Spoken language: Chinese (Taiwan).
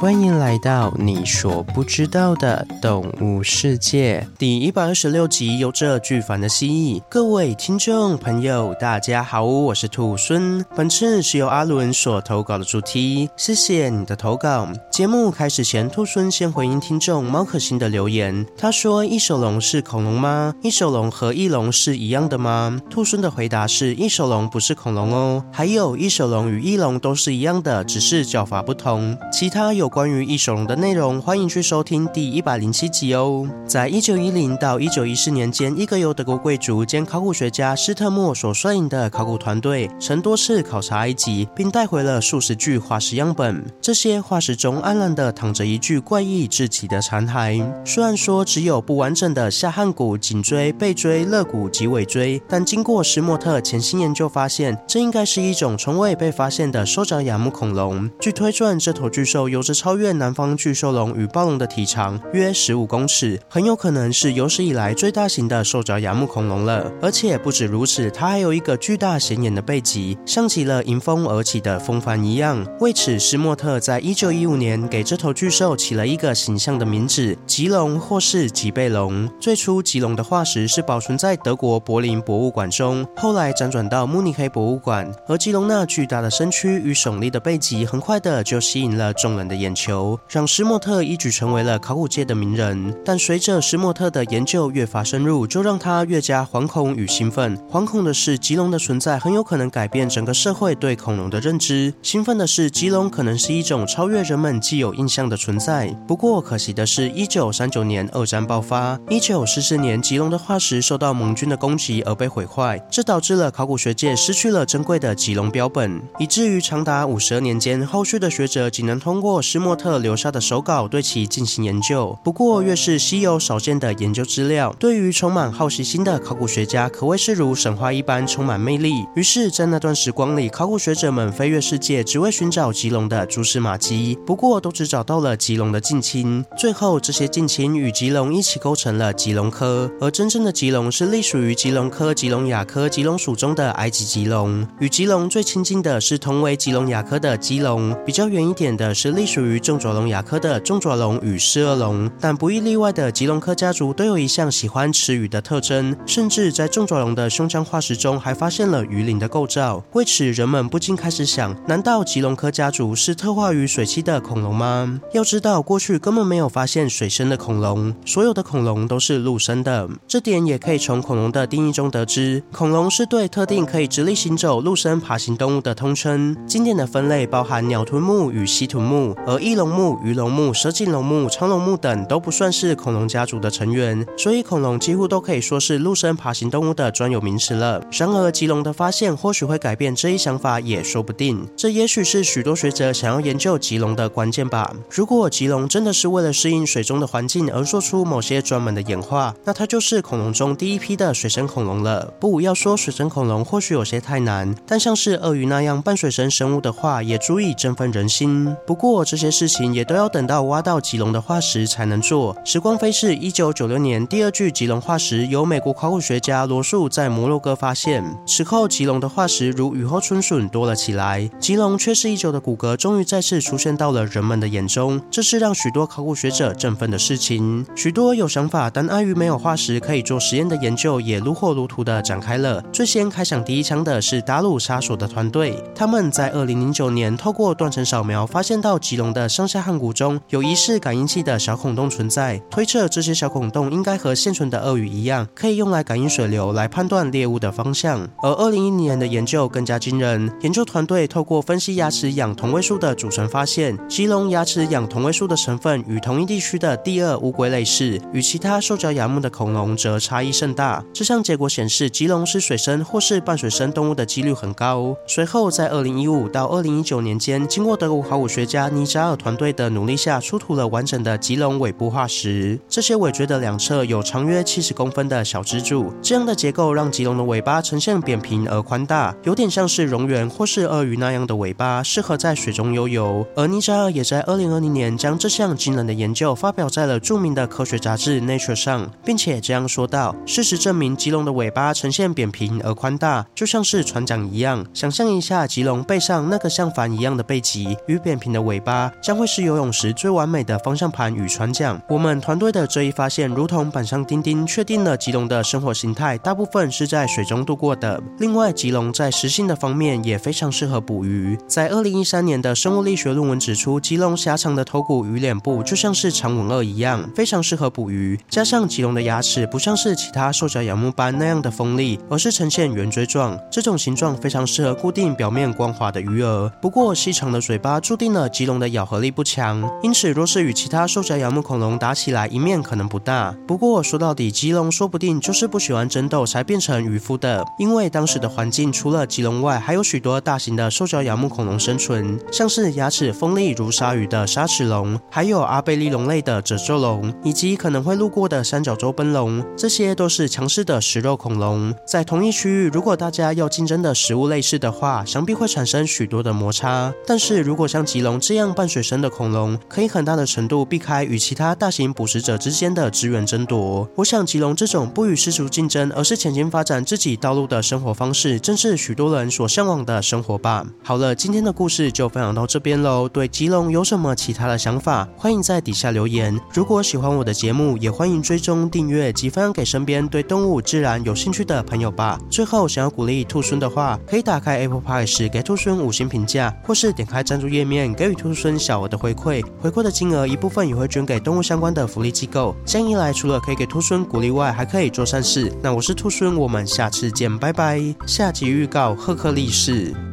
歡迎來到你所不知道的動物世界第一百二十六集，有着巨帆的蜥蜴。各位聽眾朋友，大家好，我是兔猻。本次是由阿倫所投稿的主題，謝謝你的投稿。節目開始前，兔猻先回應聽眾貓可心的留言。他說：“翼手龍是恐龍嗎？翼手龍和翼龍是一樣的嗎？”兔猻的回答是：“翼手龍不是恐龍哦，還有翼手龍與翼龍都是一樣的，只是叫法不同。”其他有。關於異首龍的內容，歡迎去收聽第一百零七集哦。在一九一零到一九一四年間，一個由德國貴族兼考古學家施特默所率領的考古團隊，曾多次考察埃及，並帶回了數十具化石樣本。這些化石中，安然的躺着一具怪異至極的殘骸。雖然說只有不完整的下頜骨、頸椎、背椎、肋骨及尾椎，但經過施莫特潛心研究，發現這應該是一種從未被發現的獸腳亞目恐龍。據推斷，這頭巨獸有着。超越南方巨獸龍與暴龍的體長約十五公尺，很有可能是有史以來最大型的獸腳亞目恐龍了。而且不止如此，它還有一個巨大顯眼的背脊，像極了迎風而起的風帆一樣。為此，施莫特在一九一五年給這頭巨獸起了一個形象的名字——棘龍，或是棘背龍。最初，棘龍的化石是保存在德國柏林博物館中，後來輾轉到慕尼黑博物館。而棘龍那巨大的身軀與聳立的背脊，很快的就吸引了眾人的眼球讓施莫特一舉成為了考古界的名人，但隨着施莫特的研究越發深入，就讓他越加惶恐與興奮。惶恐的是，棘龍的存在很有可能改變整個社會對恐龍的認知；興奮的是，棘龍可能是一種超越人們既有印象的存在。不過，可惜的是，一九三九年二戰爆發，一九四四年棘龍的化石受到盟軍的攻擊而被毀壞，這導致了考古學界失去了珍貴的棘龍標本，以至於長達五十二年間，後續的學者僅能通過施莫特留下的手稿對其進行研究。不過，越是稀有少見的研究資料，對於充滿好奇心的考古學家可謂是如神話一般充滿魅力。於是，在那段時光裡，考古學者們飛越世界，只為尋找棘龍的蛛絲馬跡。不過，都只找到了棘龍的近親。最後，這些近親與棘龍一起構成了棘龍科。而真正的棘龍是隸屬於棘龍科、棘龍亞科、棘龍屬中的埃及棘龍。與棘龍最親近的是同為棘龍亞科的棘龍。比較遠一點的是隸屬於。於重爪龍亞科的重爪龍與似鱷龍，但不一例外的棘龍科家族都有一項喜歡吃魚的特徵，甚至在重爪龍的胸腔化石中還發現了魚鱗的構造。為此，人們不禁開始想：難道棘龍科家族是特化於水棲的恐龍嗎？要知道，過去根本沒有發現水生的恐龍，所有的恐龍都是陸生的。這點也可以從恐龍的定義中得知：恐龍是對特定可以直立行走、陸生爬行動物的通稱。經典的分類包含鳥臀目與蜥臀目。而翼龍目、魚龍目、蛇頸龍目、滄龍目等都不算是恐龍家族的成員，所以恐龍幾乎都可以說是陸生爬行動物的專有名詞了。然而，棘龍的發現或許會改變這一想法，也說不定。這也許是許多學者想要研究棘龍的關鍵吧。如果棘龍真的是為了適應水中的環境而做出某些專門的演化，那它就是恐龍中第一批的水生恐龍了。不要說水生恐龍或許有些太難，但像是鱷魚那樣半水生生物的話，也足以振奮人心。不過，這。這些事情也都要等到挖到棘龍的化石才能做。時光飛逝，一九九六年，第二具棘龍化石由美國考古學家羅素在摩洛哥發現。此後，棘龍的化石如雨後春筍多了起來。棘龍缺失已久的骨骼終於再次出現到了人們的眼中，這是讓許多考古學者振奮的事情。許多有想法但礙於沒有化石可以做實驗的研究也如火如荼地展開了。最先開響第一槍的是達魯沙索的團隊，他們在二零零九年透過斷層掃描發現到棘龍。的上下頜骨中有疑似感應器的小孔洞存在，推測這些小孔洞應該和現存的鱷魚一樣，可以用來感應水流來判斷獵物的方向。而二零一零年的研究更加驚人，研究團隊透過分析牙齒氧同位素的組成，發現棘龍牙齒氧同位素的成分與同一地區的第二烏龜類似，與其他獸腳亞目的恐龍則差異甚大。這項結果顯示，棘龍是水生或是半水生動物的幾率很高。隨後在二零一五到二零一九年間，經過德國考古學家尼扎、尼扎爾團隊的努力下，出土了完整的棘龍尾部化石。這些尾椎的兩側有長約七十公分的小支柱，這樣的結構讓棘龍的尾巴呈現扁平而寬大，有點像是蠑螈或是鱷魚那樣的尾巴，適合在水中悠游，游。而尼扎爾也在二零二零年將這項驚人的研究發表在了著名的科學雜誌《Nature》上，並且這樣說道：“事實證明，棘龍的尾巴呈現扁平而寬大，就像是船槳一樣。想象一下，棘龍背上那個像帆一樣的背脊與扁平的尾巴。”將會是游泳時最完美的方向盤與船槳。我們團隊的這一發現如同板上釘釘，確定了棘龍的生活形態，大部分是在水中度過的。另外，棘龍在食性的方面也非常適合捕魚。在二零一三年的生物力學論文指出，棘龍狹狹長的頭骨與臉部就像是長吻鱷一樣，非常適合捕魚。加上棘龍的牙齒不像是其他獸腳亞目般那樣的鋒利，而是呈現圓錐狀，這種形狀非常適合固定表面光滑的魚兒。不過，細長的嘴巴注定了棘龍的咬。咬合力不強，因此若是與其他獸腳亞目恐龍打起來，贏面可能不大。不過說到底，棘龍說不定就是不喜歡爭鬥才變成漁夫的。因為當時的環境除了棘龍外，還有許多大型的獸腳亞目恐龍生存，像是牙齒鋒利如鯊魚的鯊齒龍，還有阿貝利龍類的褶皺龍，以及可能會路過的三角洲奔龍。這些都是強勢的食肉恐龍，在同一區域，如果大家要競爭的食物類似的話，想必會產生許多的摩擦。但是如果像棘龍這樣半水生的恐龍可以很大的程度避開與其他大型捕食者之間的資源爭奪。我想，棘龍這種不與世俗競爭，而是潛心發展自己道路的生活方式，正是許多人所嚮往的生活吧。好了，今天的故事就分享到這邊嘍。對棘龍有什麼其他的想法，歡迎在底下留言。如果喜歡我的節目，也歡迎追蹤訂閱及分享給身邊對動物自然有興趣的朋友吧。最後，想要鼓勵兔猻的話，可以打開 Apple pies 給兔猻五星評價，或是點開贊助頁面給予兔猻。小額的回饋，回饋的金額一部分也會捐給動物相關的福利機構。這樣一來，除了可以給兔猻鼓勵外，還可以做善事。那我是兔猻，我們下次見，拜拜。下集預告：赫克力士。